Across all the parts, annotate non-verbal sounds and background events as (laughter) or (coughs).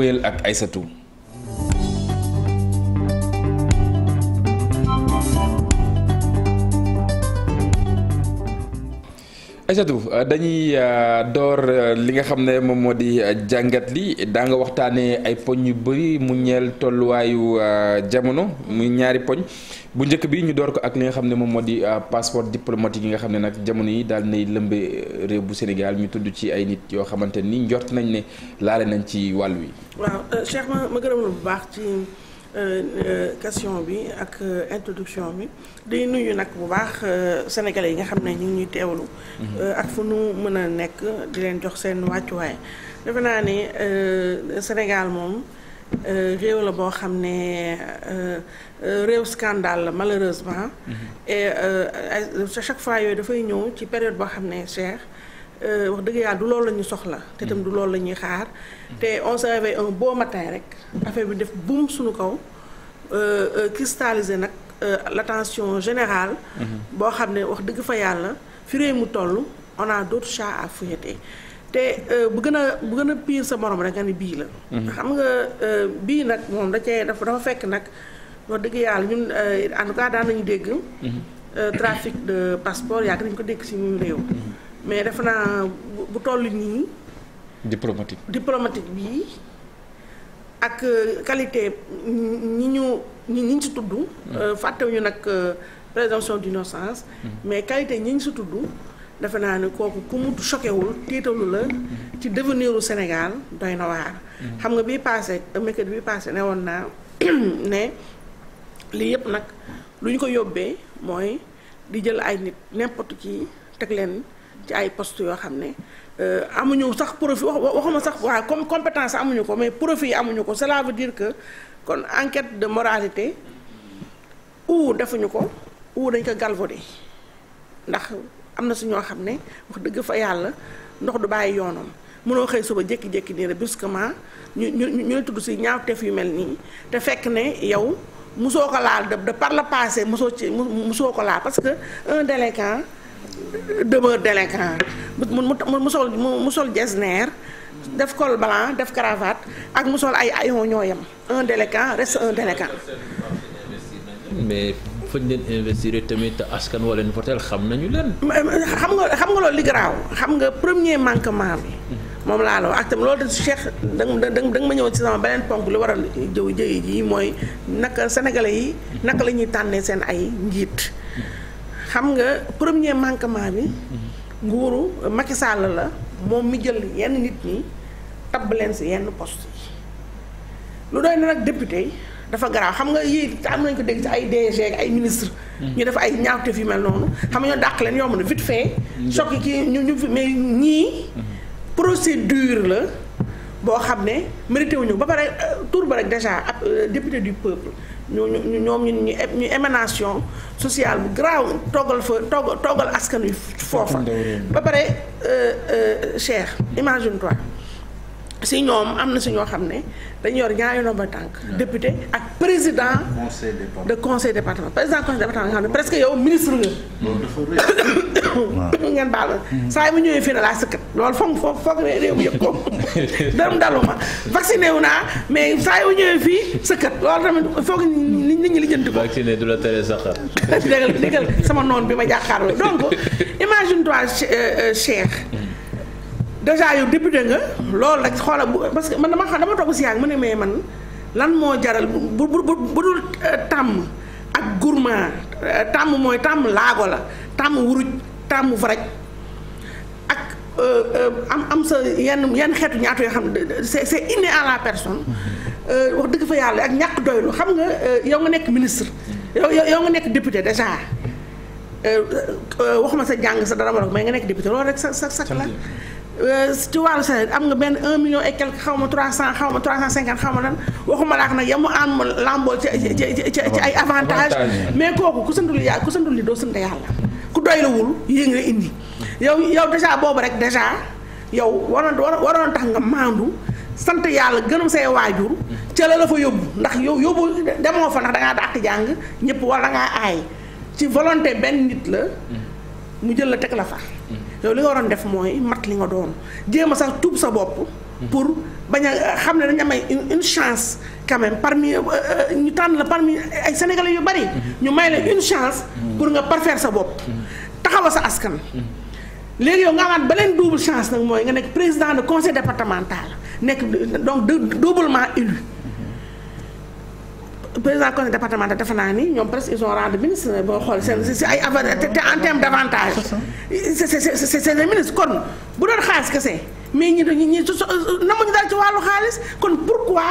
wéyal ak Aysatu Aïssatou euh, dañuy euh, door euh, li nga xam ne moom moo di jàngat li daa waxtaanee ay poñ yu bëri mu ñeel tolluwaayu jamono muy ñaari poñ bu njëkk bi ñu door ko ak li nga xam ne moom moo di passeport diplomatique yi nga xam ne nag jamono yi daal nay lëmbee réew bu Sénégal ñu tudd ci ay nit yoo xamante ni njort nañ ne laale nañ ci wàll wi. question bi ak euh, introduction bi day nuyu nag bu baax euh, sénégalais yi nga xam ne ñu ngi ñuy teewlu. Mhm. Euh, ak fu nu mën a nekk di leen jox seen wàccuwaay defe naa ne Sénégal moom réew la boo xam ne réew scandale la malheureusement. Mhm. et à chaque fois yooyu dafay ñëw ci période boo xam ne cher. Euh, wax dëgg yàlla du loolu la ñu soxla. te itam du loolu la ñuy xaar. te on se réveille un matin rek. affaire bi def buum suñu kaw euh, euh, cristalliser nag l'attention général boo xam ne wax dëgg fa yàlla fi réew mu toll on a d'autres chats à fouetter te bu gën a bu gën a pire sa morom rek nga ni bii la. xam nga bii nag moom da cee dafa dafa fekk nag wax dëgg yàlla ñun en tout cas daan nañu dégg. Mhm. trafic de passeport yàgg nañu ko dégg ci ñun réew. mais def naa bu toll nii. diplomatique diplomatique bi ak euh, qualité ñi ñu ñi ñu si tudd. Euh, fàttewuñu nag euh, présomption d'innocence. Mm-hmm. mais qualité ñi si tudd defe naa ne kooku ku mu choqué wul tiitalu la. Mm-hmm. ci devenir u Sénégal doy na waar. Mm-hmm. xam nga bi passé mercredi bi passé ne woon naa (clears throat) ne lii yëpp nag lu ñu ko yóbbee mooy di jël ay nit n'importe qui teg leen. ci ay poste yoo xam ne euh, amuñu sax profil waxuma sax waaye comme compétence amuñu ko mais profil yi amuñu ko cela veut dire que kon enquête de moralité ou defuñu ko ou dañ ko galvaudé ndax am na su ñoo xam ne wax dëgg fa yàlla ndox du bàyyi yoonam mënoo xëy suba jékki-jékki nii rek brusquement ñu ñu ñu tudd si ñaawteef yu mel nii te fekk ne yow musoo ko laal de par le passé musoo ci musoo ko laal parce que un délinquant demeure délinquant mu mu mu sol mu sol jesner def col blanc def cravate ak mu sol ay ayon ñooyam un délinquant reste un délinquant mais fañ leen investir tamit askan wala ñu fotel xam nañu leen. xam nga xam nga loolu li garaaw xam nga premier manquement bi. moom laa la wax ak tam loolu de si da nga da nga ma ñëwoon ci sama beneen ponk lu waral jëw jëy ji mooy naka sénégalais yi naka la ñuy tànnee seen ay njiit. xam nga premier manquement bi nguuru Macky Sall la moom mi jël yenn nit ñi tabb leen si yenn post lu doy na nag député dafa garaaw xam nga yii am nañ ko dégg si ay DG ak ay ministre hmm. ñu def ay ñaawteef fi mel noonu xam nga ñoo dàq leen yomb na vite fait hmm. choc yi kii ñu ñu mais ñii hmm. procédure la boo xam ne mérité wuñu ba pare euh, tur ba rek déjà ak euh, député du peuple ñu ñu ñoom ñu ñu ñu émanation sociale bu garaaw toggal fa togg toggal askan wi foofa ba pare euh, euh, cher imagine toi si ñoom am na si ñoo xam ne dañu yor ñaari ba tànk député ak président de conseil département président conseil département nga xam ne (coughs) hmm. saa yi mu ñëwee fii ne laa sëkkat loolu foog foog foog (laughs) mais saa yu ñëwee fii sëkkat loolu tamit foog nit ñi lijjanti ko vacciné du la tere saxar (laughs) déggal déggal sama noon bi ma jàkkaarloo donc (laughs) imagine toi euh, euh, Cheikh déjà yow député nga. loolu rek xoolal parce que man dama xam dama toog si yaag mu ne mais man lan moo jaral bu bu bu dul euh, tàmm ak gourmand euh, tàmm mooy tàmm laago la tàmm wuruj tàmm varaj ak euh, am am sa yenn yenn xeetu ñaatu yoo xam ne c'est c'est inné à la personne. wax dëgg fa yàlla ak ñàkk doylu xam nga yow nga nekk ministre. yow yow nga nekk député déjà. waxuma sa jàng sa dara ma mais nga nekk député loolu rek sa sa sax la. Euh, ci wàllu salaire am nga benn un million et quelque xaw ma trois cent xaw ma trois cent cinquante xaw ma lan waxuma laax nag yamu am lamboo ci ci ci ay avantage mais kooku ku santul yàlla ku santul li doo sant yàlla ku doyluwul yéi nga indi yow yow dèjà boobu rek dèjà yow waroon waroon tax nga maandu sant yàlla gënum say waajur ca la la fa yóbbu ndax yow yóbbu demoo fa ndax dangaa daq jàng ñëpp wala dangaa aay ci volonté benn nit la mu jël la teg la fa yow li nga waroon def mooy mat li nga doon jéem a sax tub sa bopp. pour bañ a xam ne dañu am ay une chance quand même parmi euh, euh, ñu tànn la parmi ay sénégalais yu bari. ñu may la une chance. pour nga parfaire sa bopp. taxawal sa askan. léegi yow nga amaat beneen double chance nag mooy nga nekk président de conseil départemental nekk donc doublement élu. président conseil départemental defe naa ni ñoom presque ils ont rendu ministre boo xool seen si ay avantage te en terme d' avantage. c' est c' est le ministre kon bu doon xaalis kese mais ñi na ñi namuñu daal ci wàllu xaalis kon pourquoi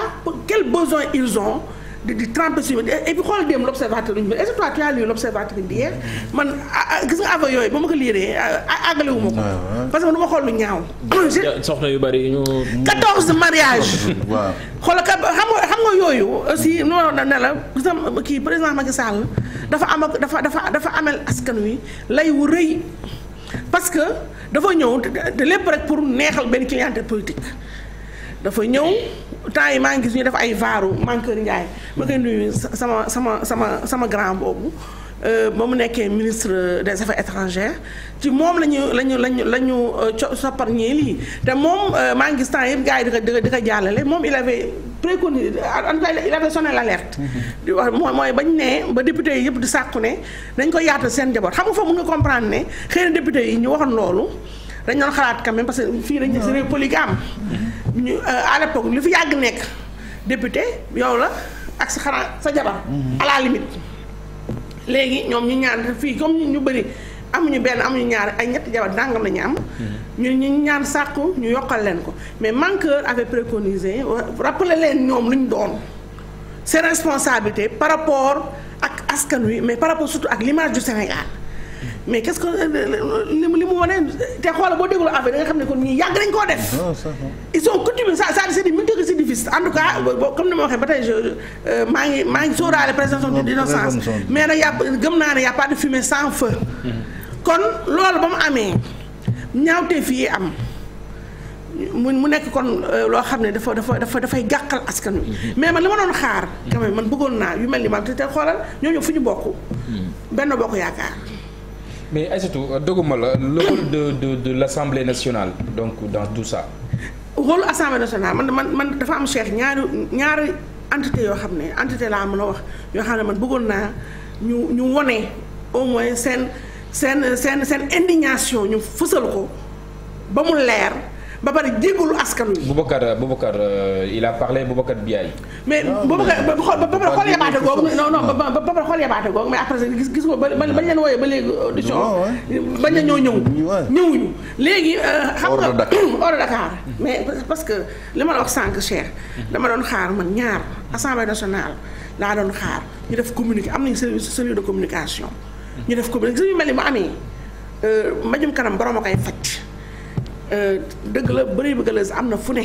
quel besoin ils ont. di di trente suivant et puis xool dem l'observateur bi est-ce que toi tu as lu l'observateur bi hier man ah, ah, gis nga affaire yooyu ba ma ko liiree ah, àggale wu ma ko. parce que du ma xool lu ñaaw. (coughs) soxna yu bari ñu. quatorze mariages. (laughs) waaw xoolal ka xam nga xam nga yooyu aussi noonu la ne la gis kii président Macky Sall dafa am ak dafa dafa dafa amel askan wi lay wu rëy parce que dafa ñëw te lépp rek pour neexal benn clientèle politique. dafa ñëw temps yi maa ngi gis def ay vaaru Mankeur Ndiaye ma koy nuyu sama sama sama sama grand boobu euh, ba mu nekkee ministre des affaires étrangères ci moom la ñu lañu ñu la ñu la ñu euh, soppar ñee lii te moom euh, maa ngi gis temps yëpp gars yi di ko di ko jàllale moom il avait préconisé il avait sonné l'alerte. Mmh. di mooy mooy bañ nee ba député yi yëpp di sàkku ne dañ ko yaatal seen njaboot xam nga foofu mën nga comprendre ne xëy député yi ñu waxoon loolu. dañ doon xalaat quand même parce fii dañ si réew polygame ñu euh, à l'époque lu fi yàgg nekk député yow la ak sa xanaa sa jabar mm-hmm. à la léegi ñoom ñu ñaan fii comme ñu bëri amuñu benn amuñu ñaar ay ñetti jabar dàngam la mm-hmm. ñu am ñu ñu ñaan sàkku ñu yokkal leen ko mais Mankeur avait préconisé rappeler leen ñoom lu ñu doon seen responsabilité par rapport ak askan wi mais par rapport surtout ak l'image du Sénégal mais qu'est-ce que euh, li mu wane te xoola boo déglu affaire da xam ne kon ñii yàgg nañ koo def. ils sont coutumés ça ça c'est des multirécidivistes en tout cas comme ni ma waxee ba tey euh, maa ngi maa ngi sóoraale présomption d'innocence mais nag yàpp a feu. kon loolu ba mu amee ñaawteef fii am. mu mu nekk kon euh, loo xam ne dafa dafa dafa dafay gàkkal askan wi. mais ma li ma doon xaar. quand man bëggoon naa yu mel ni man te te xoolal ñooñu fu ñu bokk. Mm. benn bokk yaakaar. mais Aïssatou doguma la le de de de l'Assemblée nationale donc dans tout ça. rôle Assemblée nationale man man man dafa am Cheikh ñaari ñaari entité yoo xam ne entité laa mën a wax yoo xam ne man bëggoon naa ñu ñu wone au moins seen seen seen seen indignation ñu fësal ko ba mu leer. ba pare jéggalu askan wi. Boubacar euh, Boubacar euh, il a parlé Boubacar Biaye. mais Boubacar ba xool ba pare xool yabaate googu non non mais après gis gis nga ba bañ leen wooyee ba léegi audition. bañ na ñoo ñëw. ñëwuñu léegi. Euh, xam nga (coughs) hors Dakar mais parce que li ma la wax sànq Cheikh. dama doon xaar man ñaar assemblée nationale laa doon xaar ñu def communiqué am nañu service service de communication. ñu def communiqué gis nga mel ni mu amee mbajum kanam borom a koy faj. Euh, dëgg la bëri bëggalees am na fu ne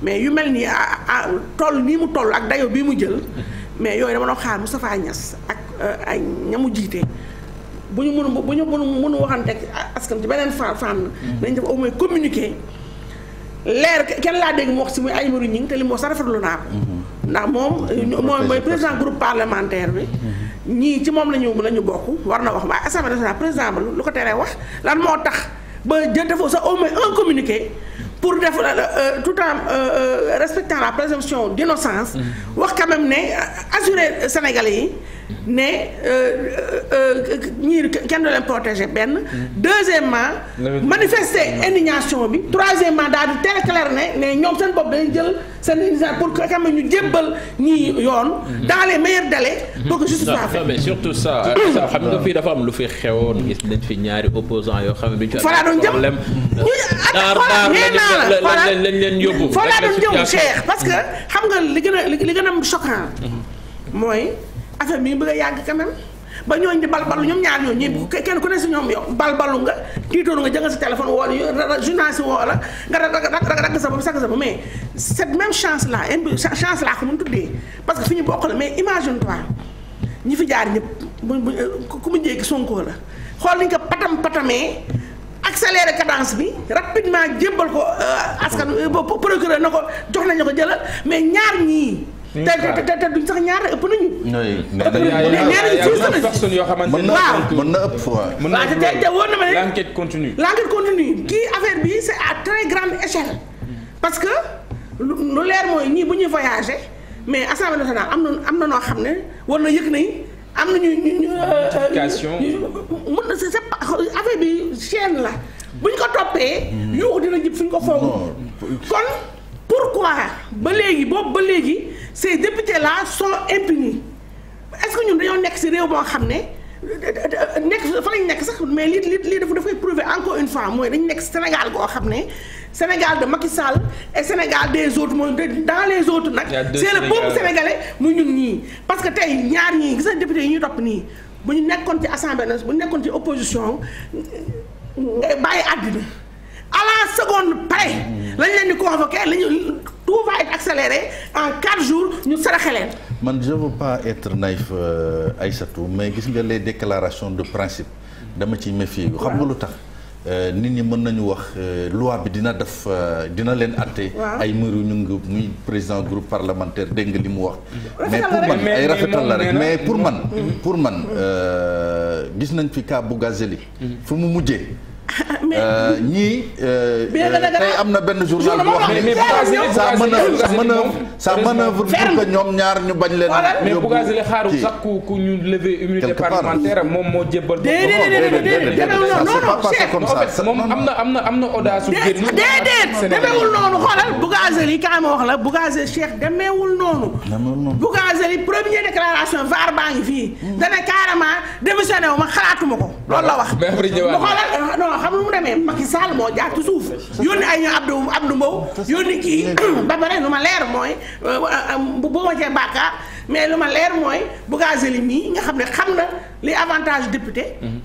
mais yu mel nii a ah, ah, ah, toll nii mu toll ak dayo bii mu jël (laughs) mais yooyu dama doon xaar Moustapha ñas ak euh, ay ñamu jiite bu ñu mënu bu ñu mënu mënu waxante ak askan ci beneen fànn fànn mm-hmm. dañ def au moins communiquer leer kenn laa dégg mu wax muy ay maru ñi te li mu naa mm-hmm. ndax moom mm-hmm. moom mooy président groupe parlementaire bi ñii ci moom la ñu la ñu bokk war na wax waaye assemblée nationale président ba lu ko teree wax lan moo tax ba defoo sax au moins un communiqué pour def euh, euh, tout en euh, respectant la présomption d'innocence mm-hmm. wax quand même ne assurer sénégalais yi ne euh, euh, euh, ñii kenn du leen protéger benn. deuxièmement manifester indignation bi. troisièmement daal di tere clair ne ne ñoom seen bopp dañuy jël seen indignation pour que xam ñu jébbal ñii yoon. Mhm. dans les meilleurs délais. Mhm. pour que justice soit faite mais surtout (clears throat) ça. xam nga fii dafa am lu fi xewoon gis nañ fi ñaari opposants yoo xam ne duñ. fa laa doon jëm problème. daar daar lañ leen leen parce que mhm. xam nga li gën a li gën a choquant mooy. affaire bi ñu bëgg a yàgg quand même ba ñooñu di balbalu ñoom ñaar ñooñu ñi kenn ku ne si ñoom yow balbalu nga tiitoon nga jëngal sa téléphone woo la journaliste woo la nga rag rag sa bopp sag sa bopp mais cette même chance là chance là ko mun tuddee parce que fi ñu bokk la mais imagine toi ñi fi jaar ñëpp ku mu jéegi Sonko la xool nañ ko patam patamee accélérer cadence bi rapidement jébbal ko euh, askan euh, procureur na ko jox nañu ko jëlal mais ñaar ñii te te te duñ sax ñaar ëpp nañu. ñaari yoo xamante ne mën na ëpp mën na ëpp te te wóor na ma ne l'enquête continue. l'enquête continue kii affaire bi c'est à très grande échelle. parce que lu leer mooy ñii bu ñuy voyager mais assemblée nationale am na am na noo xam ne war na yëg nañ. am na ñu ñu ñu euh, mën euh, na c'est affaire bi chaîne la bu ñu ko toppee. Hmm. yuuxu dina jib fi ñu ko foog kon. pourquoi ba léegi boobu ba léegi ces députés là solo impunis est-ce que ñun dañoo nekk ci réew boo xam ne nekk fa lañ nekk sax mais lii lii lii dafa dafay prouver encore une fois mooy dañu nekk Sénégal goo xam ne Sénégal de Macky Sall et Sénégal des autres mooy dans les autres nag c'est le peuple sénégalais mu ñun ñii parce que tey ñaar ñii gis nga député yi ñuy topp nii bu ñu nekkoon ci assemblée bu ñu nekkoon ci opposition ngay bàyyi àddina à la seconde près lañ leen di convoqué lañu tout accéléré en quatre jours ñu saraxe leen man je veux pas être naïf euh, Aïssatou mais gis nga les déclaration de principe dama ci méfier yu xam nga lu tax euh, nit ñi mën nañu wax euh, loi bi dina def dina leen atte ay mëru ñu ngi muy président groupe parlementaire dégg nga li mu wax mais pour man ay rafetal la rek mais pour man mm-hmm. pour man gis nañ fi cas Bougazelli mm-hmm. fu mu mujjee Euh, ñii. Euh, euh, tey am na benn journal bu wax ne sa sa manœuvre sa manœuvre pour que ñoom ñaar ñu bañ leen. moom moo jébbal. déedéet déedéet non non Cheikh moom am na am na am na audace. déedéet demeewul noonu xoolal Bougazelli kaa ma wax la déclaration VAR baa ngi fii. Hmm. dana carrément démissionné xalaatuma ko. loolu la wax. mais après xam lu mu demee Macky moo jaar ci suuf yónni ay ñoom Abdou Abdou Mbow yónni kii (clears throat) ba lu ma leer mooy euh, euh, bu ma cee bàkkaar mais lu ma leer mooy Bougazeli mii nga xam ne xam na li avantage député mm-hmm.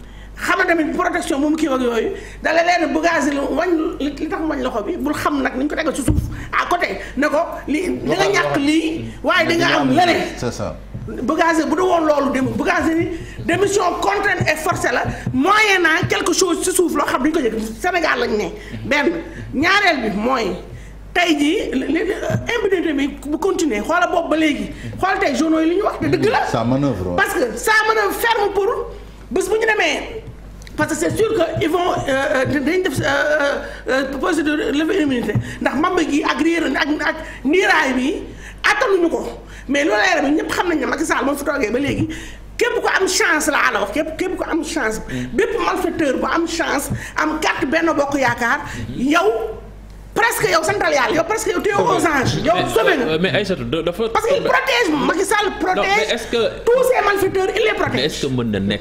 xam na tamit protection bu mu kii ak yooyu dala leen Bougazeli wañ li tax wañ loxo bi bul xam nag ni ñu ko tegal ci suuf à côté ne ko li di nga ñàkk lii waaye di am mm-hmm. leneen c'est ça Bougazelli bu du woon loolu dem Bougazelli démission contrainte et forcée la moyennant quelque chose ci suuf loo xam duñ ko jëkk Sénégal lañ ne benn ñaareel bi mooy tey jii euh, impunité bi bu continuer xoola bopp ba léegi xoola tey journaux yi li ñu wax te dëgg la sa manœuvre parce que sa manœuvre ferme pour bés bu ñu demee parce que c'est sûr que ils vont euh, euh, dañ def procédure levée immunité ndax mamba gi ak réer ak ak niiraay bi attanuñu ko mais loolu la yaram ñëpp xam nañ ne Macky Sall moom fi toogee ba léegi képp ko am chance laa la wax képp képp ko am chance. Mm. bépp malfaiteur bu am chance am carte benn bokk yaakaar mm-hmm. yow. presque yow santal yow presque yow téye aux anges. yow sauvé nga euh, mais Aïssatou dafa. parce que il protège Macky Sall protège. ce que tous ces malfaiteurs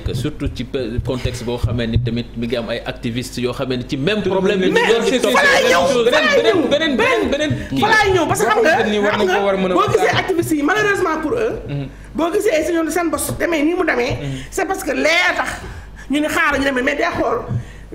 il surtout ci contexte boo xamee ni tamit mi am ay activistes yoo xamee ci même problème. mais falaay ñëw falaay ñëw beneen beneen beneen falaay ñëw parce que xam nga xam nga boo gisee malheureusement pour eux. Mhm. boo gisee si ñoom seen bos demee nii mu demee. Mhm. c'est parce que leer tax ñu ne xaaral ñu demee mais day xool.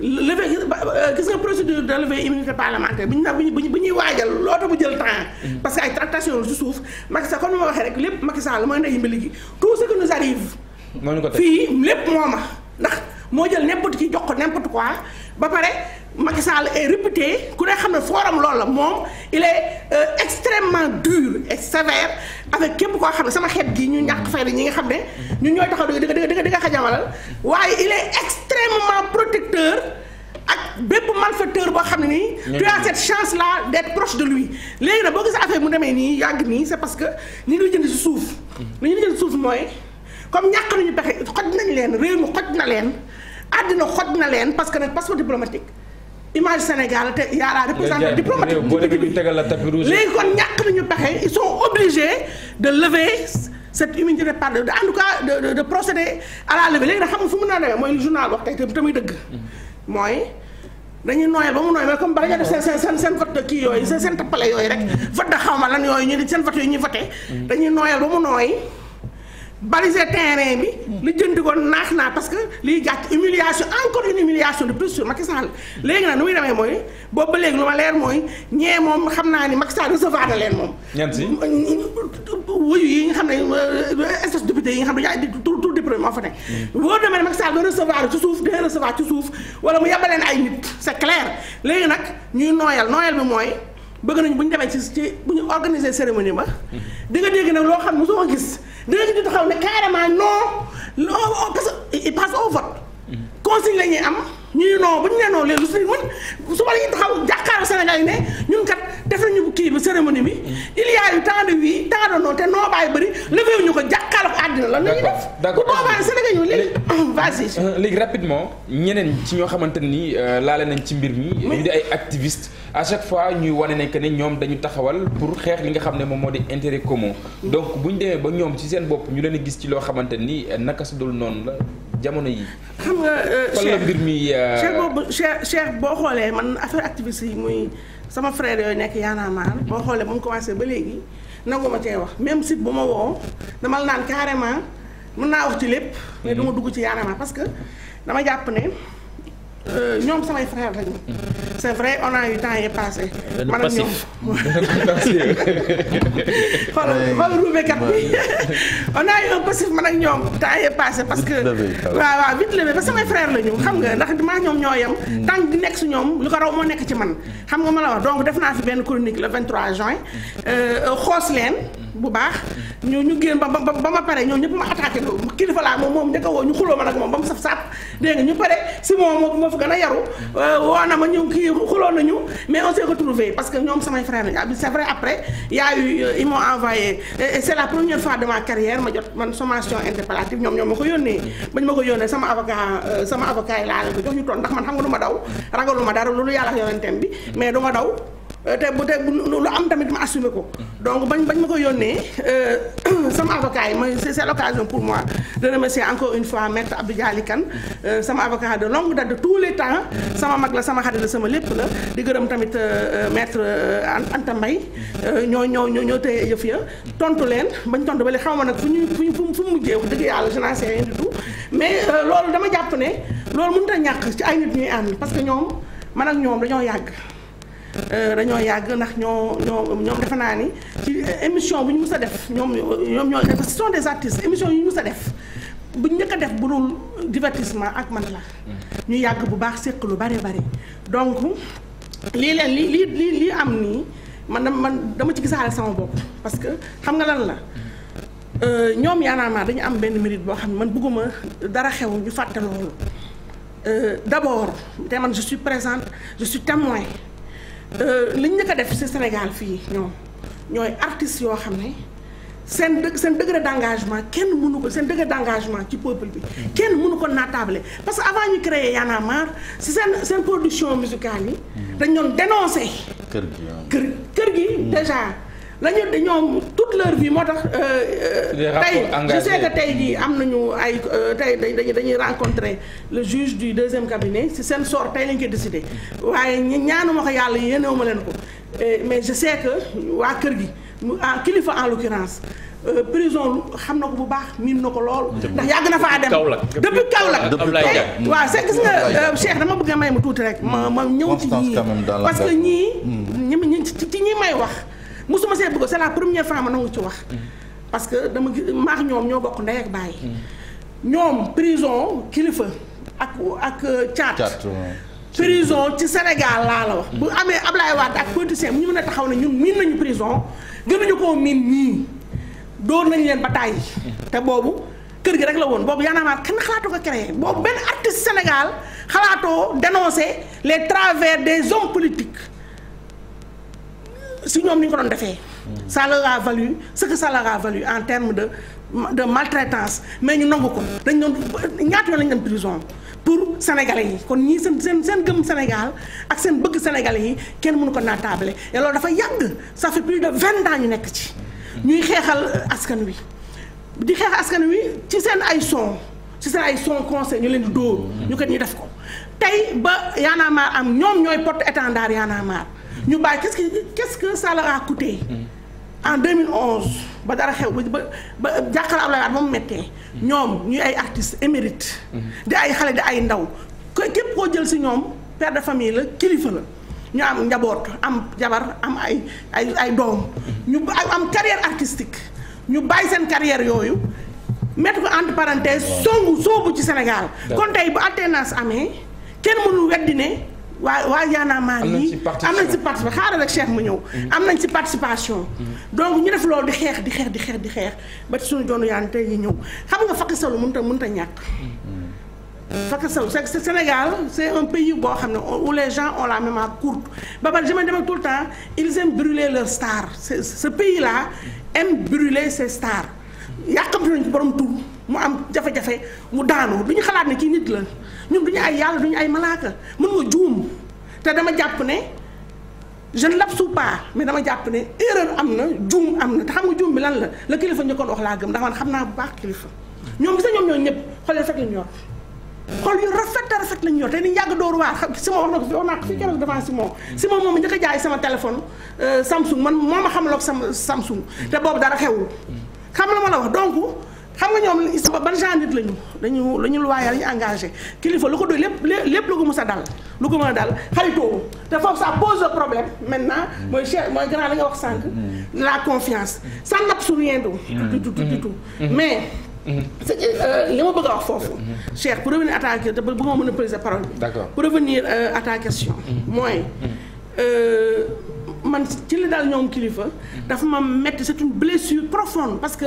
levée gis nga procédure de levée immunité parlementaire bi ñu naan bi ñu bi ñuy waajal loota bu mm-hmm. parce que ay tractations ci suuf Macky Sall comme ma waxee rek lépp Macky Sall mooy ndeyu mbili gi tout ce qui nous arrive. moo ñu ko teg fii lépp moo ma ndax moo jël n'importe qui jox ko n'importe quoi ba pare. Macky Sall est réputé ku ne xam ne forum lool la moom il est euh, extrêmement dur et sévère avec képp koo xam ne sama xeet gi ñu ñàkk fay la ñi nga xam ne ñun ñooy taxaw di nga di nga di nga xajamalal waaye il est extrêmement protecteur ak bépp malfaiteur boo xam ne nii tu as cette chance là d'être proche de lui léegi nag boo gisee affaire mu demee nii yàgg nii c'est parce que ñu ngi jënd si suuf li ñu jënd suuf mooy comme ñàkk nañu pexe xoj nañ leen réew mi xoj na leen àddina xoj na leen parce que nag passeport diplomatique image Sénégal te y a la représentante diplomatique léegi kon ñàkk nañu pexe ils sont obligés de lever cette immunité de parti en tout cas de de, de procéder à la levée léegi nag xam nga fu mu naa demee mooy lu journal wax tey te tamit dëgg mooy dañuy nooyal ba mu nooy mais comme bala ñoo def seen seen seen vote kii yooyu seen seen tappale yooyu rek vote da xaw ma lan yooyu ñu seen vote yooyu ñuy voté mm. dañuy nooyal ba mu nooy baliser terrain bi. li jënd ko naax naa parce que liy gàcc humiliation encore une humiliation de plus sur Macky Sall. léegi nag nu muy demee mooy boobu ba léegi lu ma leer mooy ñee moom xam naa ni Macky Sall recevoir na leen moom. ñan yi nga xam ne euh, espèce député yi nga xam ne yaay tout tout député moo fa nekk. boo hmm. demee Macky Sall doo recevoir ci suuf dina recevoir ci suuf wala mu yebaleen ay nit c'est clair léegi nag ñuy nooyal nooyal bi mooy. bëgg nañ bu ñu demee ci bu ñu organiser cérémonie ba. Hmm. di nga dégg nag loo xam ne mosoo gis. dina ci di taxaw ne carrément non oh, parce que passe au mm-hmm. consigne la ñuy am ñu non bu ñu nee non léegi su mën suba la ñuy taxaw jàkkaarloo Sénégal yi ne ñun kat def nañu kii bi cérémonie bi. Mm-hmm. il y a eu tant de oui tant de te noo bàyyi bëri levé ñu ko a ko àddina la. nañu def bu boobaa Sénégal ñu léegi (laughs) vas-y. Euh, léegi rapidement ñeneen ci ñoo xamante ni euh, laale nañ ci mbir mi. ñu di ay activistes. à chaque fois ñuy wane ne que ne ñoom dañu taxawal pour xeex li nga xam ne moom moo di intérêt commun donc bu ñu demee ba ñoom ci seen bopp ñu leen gis ci loo xamante ni euh, naka su dul noonu la jamono yi. xam nga euh, Cheikh mbir mi euh, Cheikh boobu Cheikh Cheikh boo xoolee man affaire activiste yi muy sama frère yooyu nekk Y'en a marre boo xoolee ba mu commencé ba léegi nangu ma cee wax même site bu ma woo dama la naan carrément mën naa wax ci lépp. mais mm-hmm. du ma dugg ci Y'en a marre parce que dama jàpp ne. Euh, ñoom samay frère lañu. c' est vrai on a eu temps yii passé. (laughs) (laughs) man ak ñoom a ak ñoom temps yii passé parce que. waaw waaw vite levé ba samay frère lañu xam nga ndax maa ñoom ñoo yem. Mm. tànk di nekk si ñoom lu ko raw moo nekk ci man. xam nga ma la wax donc def naa fi benn chronique le 23 juin mm. euh, xoos leen. bu baax ñoo ñu génn ba ba ba ma pare ñoom ñëpp ma attaqué loolu moom moom njëkk a ñu xuloo ma nag moom ba mu saf sapp dégg nga ñu pare si moom moo moo fa gën a yaru euh, woo na ma ñu kii xuloo nañu mais on s'est parce que ñoom samay frère lañu ah, euh, la première fois de ma carrière ma jot man sommation interpellative ñoom ñoom ma ko yónnee bañ ma ko yónnee sama avocat euh, sama avocat yi laa leen ko jox ñu toon ndax man xam nga du ma daw ragaluma dara loolu yàlla yonenteem bi mais du daw Euh, te bu te lu am tamit ma assumé ko. donc bañ bañ ma ko yónnee euh, (clears throat) sama avocat yi ma c' pour moi de remercier encore une fois maître Abdou Dialy Kane euh, sama avocat de longue date de tous les temps. sama mag la sama xarit la sama lépp la di gërëm tamit maître Anta Mbaye ñoo ñoo ñoo ñoo téye yëf ya tontu leen bañ tontu ba léegi xaw ma nag fu ñu fu mu mujjee wax dëgg yàlla je n'en sais du mais loolu dama jàpp ne loolu mënut a ñàkk ci ay nit ñuy ànd parce que ñoom man ak ñoom dañoo yàgg. Euh, dañoo yàgg ndax ñoo ñoo ñoom defe naa ni ci émission bu ñu mus a def ñoom ñoom ñoo ce des artistes émission yu ñu mus def bu ñu njëkk def bu dul divertissement ak man la ñu yàgg bu baax séq lu bari bari donc lii leen li lii lii am nii man dama man dama ci gisaale sama bopp parce que xam nga lan la euh, ñoom yaanaama dañu am benn mérite boo xam ne man bëgguma dara xew ñu fàtte loolu euh, d'abord te man je suis présente je suis témoin Euh, li njëkk a def si Sénégal fii ñoom ñooy artistes yoo xam ne seen dë seen degré d'engagement kenn mënu ko seen degré d'engagement ci peuple bi. kenn mënu ko naatable parce que avant ñu créer Y'en a marre ci seen seen production musicale yi. Mm-hmm. dañ doon kër gi ah. kër kër gi mm-hmm. déjà. lañu di ñoom toute leur vie moo tax euh, euh, tey je sais que tey jii am nañu ay euh, tey dañuy dañuy rencontrer le juge du deuxième cabinet si seen sort tey lañ ko décidé waaye ma ko yàlla ma leen ko mais je sais que waa kër gi ah, kilifa en l'occurrence prison xam na ko bu baax miin na ko lool. ndax yàgg na faa dem depuis Kaolack depuis waaw c'est gis nga Cheikh dama bëgg a may mu tuuti rek. ma ma ñëw ci ñii parce que ñii. Hmm. ñi ci ñi may wax. mosuma see dugg c'est la première fois ma nangu ci wax. Mm-hmm. parce que dama maax ñoom ñoo bokk ndey ak bàyyi. Mm-hmm. ñoom prison kilifa ak ak caat. Euh, prison ci Sénégal laa la wax. Mm-hmm. bu amee Ablaye Wade ak politicien bu ñu mën a taxaw ne ñun miin nañu prison gënuñu koo miin ñii door nañu leen ba tàyyi. te boobu kër gi rek la woon boobu yaanaamaat kenn xalaatoo ko créé boobu benn artiste Sénégal xalaatoo dénoncer les travers des hommes politiques. si ñoom ni ñu ko doon defee. ça leur a valu ce que en terme de de maltraitance mais ñu nangu ko dañ doon ñaata yoon lañ dem prison pour sénégalais yi kon ñii seen seen seen gëm Sénégal ak seen bëgg sénégalais yi kenn mënu ko naataable et loolu dafa yàgg ça fait plus de vingt ans ñu nekk ci. ñuy xeexal askan wi di xeex askan wi ci seen ay son ci seen ay son conseil ñu leen di dóor. ñu ko ñu def ko tey ba Y'en a am ñoom ñooy porte étendard Y'en ñu bàyyi qu'est-ce que qu'est-ce que ça leur a coûté. ba dara xew ba ba jàkkaarloo Abdoulaye Wade moom méttee. ñoom ñuy ay artistes émérites. di ay xale di ay ndaw. képp koo jël si ñoom père de famille la kilifa la. ñu am njaboot am jabar am ay ay ay doom. ñu am carrière artistique. ñu bàyyi seen carrière yooyu. mettre ko entre parenthèse. songu soobu ci Sénégal. kon tey bu alternance amee kenn mënul weddi waa waa yaanaamaan yi am nañ ci participation xaaral ak Cheikh mu ñëw mm-hmm. am nañ ci participation mm-hmm. donc ñu def loolu di xeex di xeex di xeex di xeex ba ci suñu doonu yaan tey yi ñëw xam nga fakkasalu mën ta mën ta ñàkk mm-hmm. fakkasalu c'est Sénégal c'est un pays boo xam ne où les gens ont la mémoire courte ba pare jamais demee tout le temps ils aiment brûler leurs stars ce pays là aime brûler ses stars yàqamte nañ ci borom tur mu am jafe-jafe mu daanoo du ñu xalaat ne kii nit la ñun du ñu ay yàlla du ñu ay malaaka mën moo juum te dama jàpp ne je ne l'absous pas mais dama jàpp ne erreur am na juum am na te xam nga juum bi lan la la kilifa njëkkoon wax laa gëm ndax man xam naa bu baax kilifa ñoom gis ñoom ñooñu ñëpp xool rek la ñu yor xool yu rafet rafet la ñu yor te ni yàgg dooru waar si ma wax na ko fi wax naa ko fi keroog devant si moom si moom moom njëkk a jaay sama téléphone euh, Samsung man moo xam xamaloog sama Samsung te boobu dara xewul xam ma la wax donc xam nga ñoom is ban genre nit lañu dañu dañu loyal dañu engagé kilifa lu ko doy lépp lépp lu ko mës a dal lu ko mën a dal xaritoo te foofu ça pose le problème maintenant mooy cher mooy grand li nga wax sànq mm-hmm. la confiance ça n'absout rien du tout du tout mm-hmm. mais mm-hmm. Euh, li ma bëgg a wax foofu Cheikh pour revenir à ta question bu nga a préser parole bi d'accord pour revenir euh, à ta question mooy euh, man ci li daal ñoom kilifa. dafa ma metti c'est une blessure profonde parce que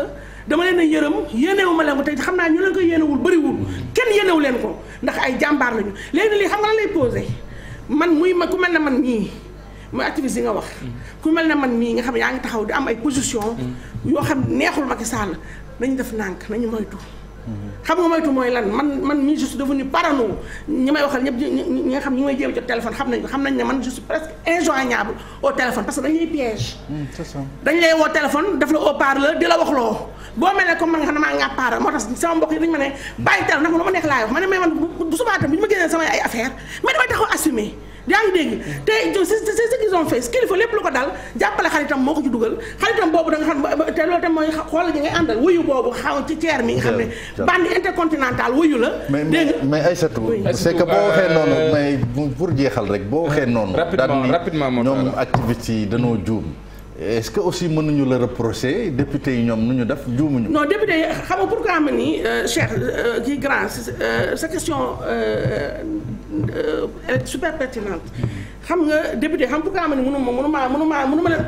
dama leen a yërëm yéenewu ma leen ko tey xam naa ñu leen ko yéenewul bëriwul kenn yéenewu leen ko ndax ay jàmbaar lañu léegi lii xam nga la lay posé man muy ma ku mel ne man ñii mooy activiste nga wax. ku mel ne man mii nga xam ne yaa ngi taxaw di am ay position mm. yoo xam neexul Macky Sall nañu def nànk nañu moytu. xam nga moytu mooy lan man man mii je suis devenu ñi may waxal ñëpp ñi nga xam ñi may jéem a téléphone xam nañ ko xam nañ ne man je suis presque injoignable au téléphone parce que dañ lay piège. Hmm, c'est ça dañ lay woo téléphone daf la haut-parleur di la wax loo boo mel ne comme man nga xam ne maa ngi àppaara moo tax sama mbokk yi dañu ma ne bàyyi téléphone ndax man lu ma nekk laay wax ma ne mais man bu subaa tam bu ñu ma génnee samay ay mais damay taxaw assumer. yaa ngi dégg te c'est ce qu'ils ont fait kilifa lépp lu ko dal jàppale xaritam moo ko ci dugal xaritam boobu da nga xam te loolu tam mooy xoolal la dégg mais Aïssatou c'est que boo waxee noonu euh, mais jeexal rek boo waxee noonu daal ni ñoom activité yi danoo juum est-ce que aussi mënuñu la reprocher député yi ñoom nu ñu def juumuñu. non député yi xam nga pourquoi ma ni euh, Cheikh euh, kii grand sa question Euh, super pertinente. xam nga député xam pourquoi ma ne mënu ma mënu maa mënu maa mënu ma leen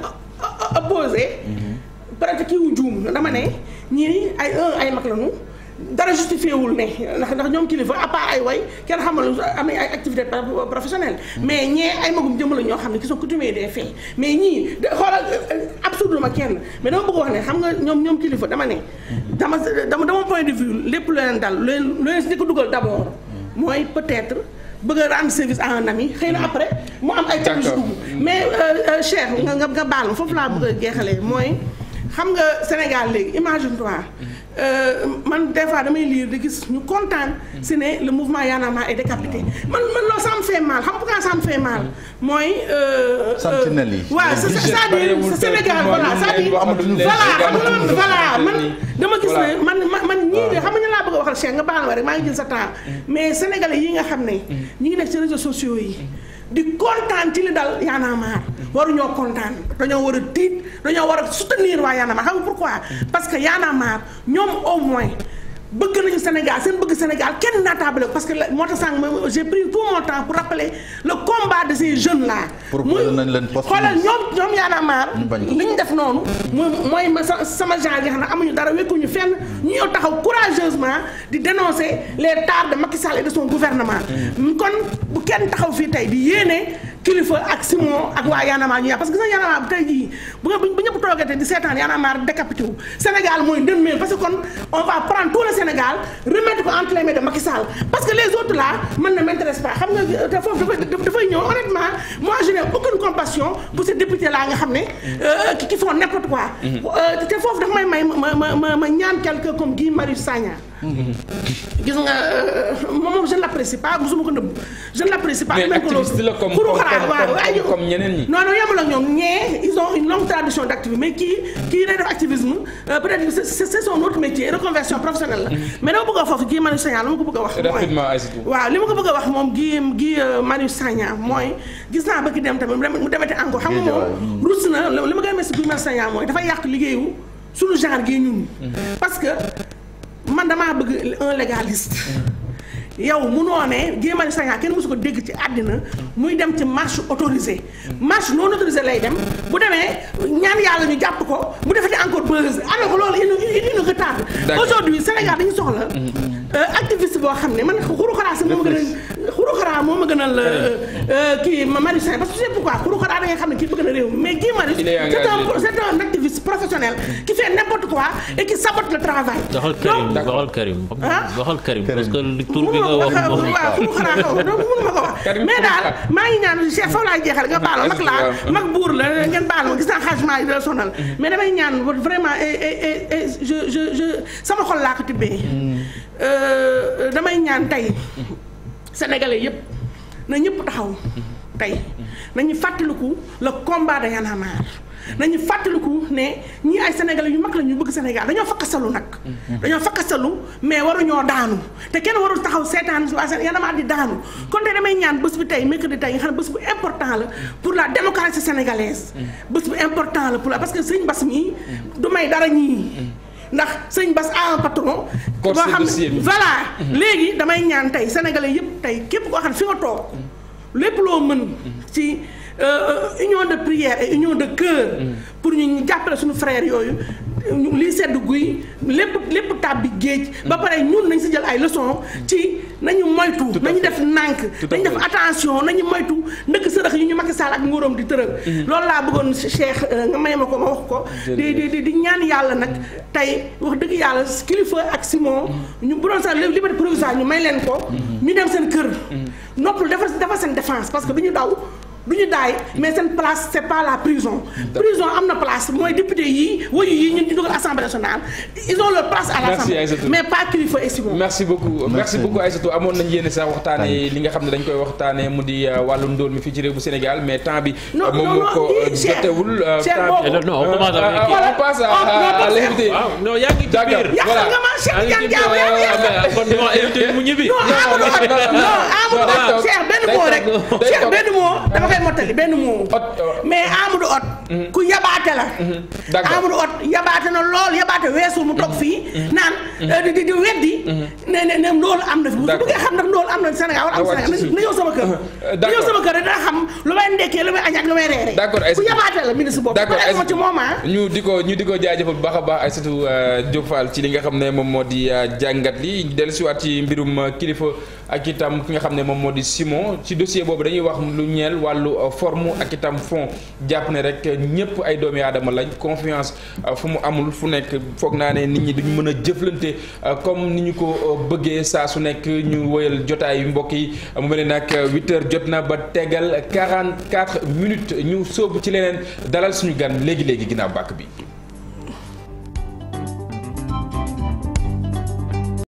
opposé. Mhm. pratique yi wu juum dama ne ñii ay ay mag lañu dara justifié wul ne ndax ndax ñoom kilifa à part ay way kenn xamal amee ay activité professionnelle mhm. mais ñee ay magum jëmm la ñoo xam ne qui sont coutumiers des faits mais ñii de xoolal euh, euh, absurde ma kenn mais dama bëgg wax ne xam nga ñoom ñoom kilifa dama ne. Mhm. dama dama dama point de vue lépp lu leen dal lu leen si ko dugal d' abord mooy peut-être. bëgg a rendre service à un ami xëy na mm-hmm. après mu am ay techniques dugg mais euh, euh, cher nga nga baal ma foofu laa bëgg a jeexalee mooy xam nga Sénégal léegi imagine toi Euh, man des fois damay lire di gis ñu kontaan si ne le mouvement Y'en a marre est décapité man man loolu ça me fait mal xam pourquoi sa me fait mal mooy. Euh, sentinelle yi. waaw euh, c'est-à-dire Sénégal voilà c'est-à-dire voilà man dama gis ne man man ñii de xam nga laa bëgg a waxal Cheikh nga baal ma rek maa ngi jël sa temps mm. mais sénégal yi nga xam ne. Mm. ñi ngi nekk ci réseaux sociaux yi. Mm. di kontaan ci li dal Y'en a marre waruñoo kontaan dañoo war a tiit dañoo war a soutenir waa Y'en a marre xam nga pourquoi parce que Y'en a marre ñoom au moins bëgg nañu Sénégal seen bëgg Sénégal kenn naataable parce que moo tax sànq ma j'ai pris tout mon temps pour rappeler le combat de ces jeunes là. muy xoolal ñoom ñoom yaa na maar. li ñu def noonu. moom mooy ma sama genre yi na ne amuñu dara wekkuñu fenn ñu ñëw taxaw courageusement di dénoncer les tares de Macky Sall et de son gouvernement. Mm. kon bu kenn taxaw fii tey di yéene. kilifa ak Simon ak waa Y'en a marre ñu yaa parce que gis nga Y'en a marre jii bu bu ñëpp toogee tey di seetaan Y'en a marre Sénégal mooy ndëmmeel parce que kon on va prendre tout le Sénégal remettre entre les mains de Macky parce que les autres là man ne m'intéresse pas xam nga te foofu dafay ñëw honnêtement moi je n'ai compassion pour ces députés là nga xam ne euh, qui font n'importe quoi mm-hmm. euh, te foofu daf may may ma ma ma ñaan quelqu'un comme Guy gis nga euh, moom je ne l'apprécie pas musuma ko nëbb je ne l'apprécie pas. mais activiste la comme comme ñeneen ñi. non non ñoom ñee ils ont une longue tradition d'activisme mais kii kii day def activisme euh, peut-être c'est c'est son autre métier reconversion professionnelle la. Mm-hmm. mais dama ma ko a wax. rapidement Aïssatou waaw li ma ko euh, mooy gis naa bëgg dem tamit mu demati encore xam nga moom. Mm. ruus na li ma koy messi Guy Marius Sagna mooy dafay yàq liggéeyu suñu genre gii ñun. Mm-hmm. parce man damaa bëgg un légaliste. yow munoo ne Guy Marius Sagna kenn mosu ko dégg ci àddina muy dem ci marche autorisée. marche non autorisée lay dem bu demee ñaan yàlla ñu jàpp ko mu defati encore buzz alors que loolu il nous il nous retarde. aujourd'hui Sénégal dañu soxla. Mm-hmm. Euh, activiste boo xam ne man xuru xaraa sax moo ma gën a xuru xaraa moo ma gën a la kii Marie Sagne parce que c'est pourquoi xuru xaraa da nga xam ne kii bëgg na réew mais kii Marie c'est un c'est un activiste professionnel qui fait n'importe quoi et qui sabote le travail waxal Karim waxal ah? Karim parce que tur bi nga wax waaw xuru xaraa xaw donc mënu ma ko wax mais daal maa ngi ñaan chef foofu laay jeexal nga baal mag laa mag buur la ngeen baal ma gis naa xaajement yi dala sonal mm-hmm. mais damay ñaan vraiment et et et je je je sama xol laa ko tibbee mm-hmm. Euh, damay ñaan tey sénégalais yëpp na ñëpp taxaw tey nañu fàttaliku la combat de Y'en a marre nañu fàttaliku ne ñii ay sénégalais yu mag la ñu bëgg Sénégal dañoo fakkasalu nag. Mhm. dañoo fakkasalu mais waruñoo daanu te kenn warul taxaw seetaan waa seen Y'en a marre di daanu kon tey damay ñaan bés bi tey mercredi tey nga xam ne bés bu important la pour la démocratie sénégalaise. Mhm. bés bu important la pour la parce que sëñ Bass mii du may dara ñii. Mhm. ndax sëñ Bass a un patron. boo xam ne voilà. Mm-hmm. léegi damay ñaan tey sénégalais yëpp tey képp koo xam ne fi nga toog mm-hmm. lépp loo mën ci. Euh, union de prière et union de cœur. Mm. pour ñu ñu jàppale suñu frères yooyu lii sedd guy lépp lépp tàbbi géej. Mm. ba pare ñun nañ si jël ay leçons ci nañu moytu. nañu def nànk nañu def attention nañu moytu ndëkk sërëx yi ñu Macky Sall ak nguuram di tëral. Mm-hmm. loolu laa bëggoon Cheikh euh, nga may ma ko ma wax ko. di di di ñaan yàlla nag tey wax dëgg yàlla kilifa ak si Simon. Mm-hmm. ñu bu doon sax liberté provisoire ñu may leen ko. Mm-hmm. ñu dem seen kër. noppal defar defar seen défense parce que du ñu daw. du ñu daay mais seen place c' est pas la prison. prison am na place mooy député yii wayu yii ñun ñu dugal assemblée nationale ils ont leur place à l' assemblée mais pas Kilifeu et Simon. merci beaucoup merci beaucoup Aïssatou amoon nañu yéene waxtaane li nga xam ne dañ koy waxtaane mu di wàllu ndóol mi fii ci bu Sénégal mais temps bi. non non non cher cher boobu non on commence on passe à l' invité. waaw non yaa ngi ci biir voilà yaa ngi ci mu ñibbi. koy mottali benn mais Amadou Hott. Mm-hmm. ku yabaate la. Mm-hmm. weesu mu toog ne na fi. am na Sénégal am ah, na ñëw sama kër. Uh-huh. d'accord ñëw sama lu may ndekkee lu may añ ak lu may reeree. d'accord ku yabaate la ministre boobu. d'accord ah. ñu di ko ñu di ko jaajëfal bu baax a baax ay surtout euh, Diop ci li nga xam ne moom moo di euh, jàngat li dellusiwaat ci mbirum euh, kilifa ak itam ki nga xam ne moom moo di Simon ci dossier boobu dañuy wax lu ñeel wàllu wàllu euh, forme ak itam fond jàpp ne rek ñëpp ay doomi aadama lañ confiance euh, fu mu amul fu nekk foog naa ne nit ñi duñ mën a jëflante euh, comme ni ñu ko bëggee saa su nekk ñu woyal jotaayu mbokk yi mu mel ni nag huit jot na ba tegal quarante quatre minutes ñu sóobu ci leneen dalal suñu gan léegi léegi ginnaaw bakk bi.